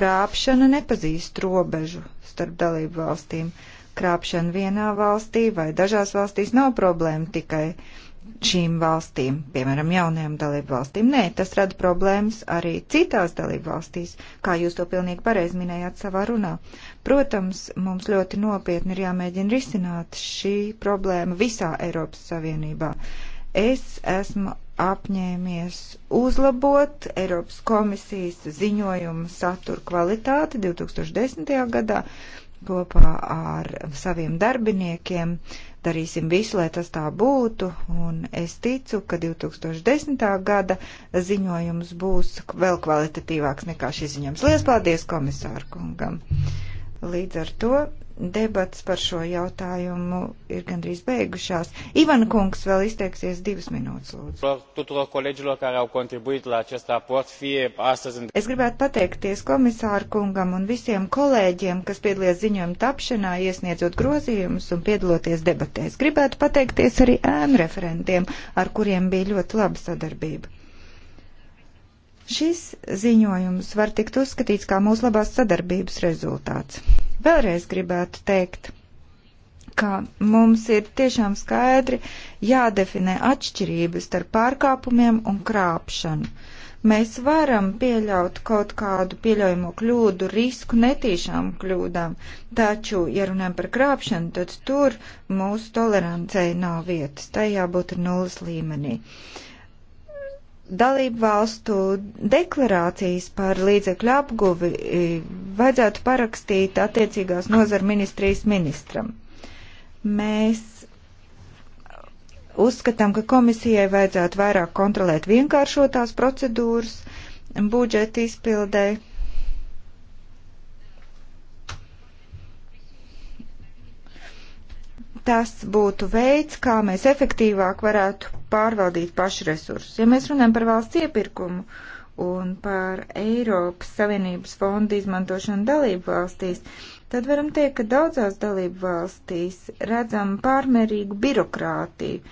krāpšana nepazīst robežu starp dalību valstīm. Krāpšana vienā valstī vai dažās valstīs nav problēma tikai. Uh, šīm valstīm, piemēram, jaunajām dalību valstīm. Nē, tas rada problēmas arī citās dalību valstīs, kā jūs to pilnīgi pareizi minējāt savā runā. Protams, mums ļoti nopietni ir jāmēģina risināt šī problēma visā Eiropas Savienībā. Es esmu apņēmies uzlabot Eiropas komisijas ziņojumu saturu kvalitāti 2010. gadā kopā ar saviem darbiniekiem. Uh, Darīsim visu, lai tas tā būtu, un es ticu, ka 2010. gada ziņojums būs vēl kvalitatīvāks nekā šis ziņojums. Lielas paldies komisāru kungam! Līdz ar to debats par šo jautājumu ir gandrīz beigušās. Ivan Kungs vēl izteiksies divas minūtes, lūdzu. Es gribētu pateikties komisāru kungam un visiem kolēģiem, kas piedalījās ziņojuma tapšanā, iesniedzot grozījumus un piedaloties debatēs. Gribētu pateikties arī ēnu referentiem, ar kuriem bija ļoti laba sadarbība. Šis ziņojums var tikt uzskatīts kā mūsu labās sadarbības rezultāts. Vēlreiz gribētu teikt, ka mums ir tiešām skaidri jādefinē atšķirības starp pārkāpumiem un krāpšanu. Mēs varam pieļaut kaut kādu pieļaujamo kļūdu, risku netīšām kļūdām, taču, ja runājam par krāpšanu, tad tur mūsu tolerancei nav vietas, tai jābūt nulles līmenī. Uh, dalību valstu deklarācijas par līdzekļu apguvi e, vajadzētu parakstīt attiecīgās nozara ministrijas ministram. Mēs uzskatām, ka komisijai vajadzētu vairāk kontrolēt vienkāršotās procedūras budžeta izpildē tas būtu veids, kā mēs efektīvāk varētu pārvaldīt pašu resursus. Ja mēs runājam par valsts iepirkumu un par Eiropas Savienības fondu izmantošanu dalību valstīs, tad varam teikt, ka daudzās dalību valstīs redzam pārmērīgu birokrātiju.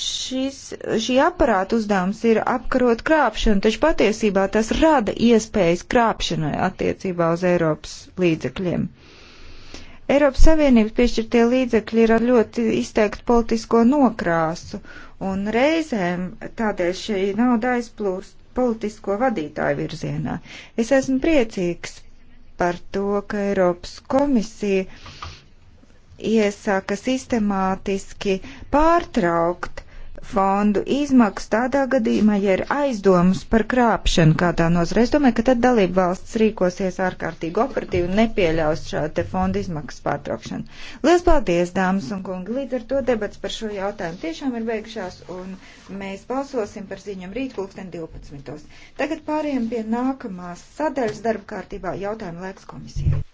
Šis, šī aparāta uzdevums ir apkarot krāpšanu, taču patiesībā tas rada iespējas krāpšanai attiecībā uz Eiropas līdzekļiem. Uh, Eiropas Savienības piešķirtie līdzekļi ir ar ļoti izteiktu politisko nokrāsu, un reizēm tādēļ šī nauda aizplūst politisko vadītāju virzienā. Es esmu priecīgs par to, ka Eiropas komisija iesāka sistemātiski pārtraukt fondu izmaksu tādā gadījumā, ja ir aizdomas par krāpšanu kādā nozarē. Es domāju, ka tad dalība valsts rīkosies ārkārtīgi operatīvi un nepieļaus šādu te fondu izmaksu pārtraukšanu. Lielas paldies, dāmas un kungi! Līdz ar to debats par šo jautājumu tiešām ir beigušās un mēs balsosim par ziņam rīt pulksten 12. Tagad pārējiem pie nākamās sadaļas darba kārtībā jautājumu laiks komisijai.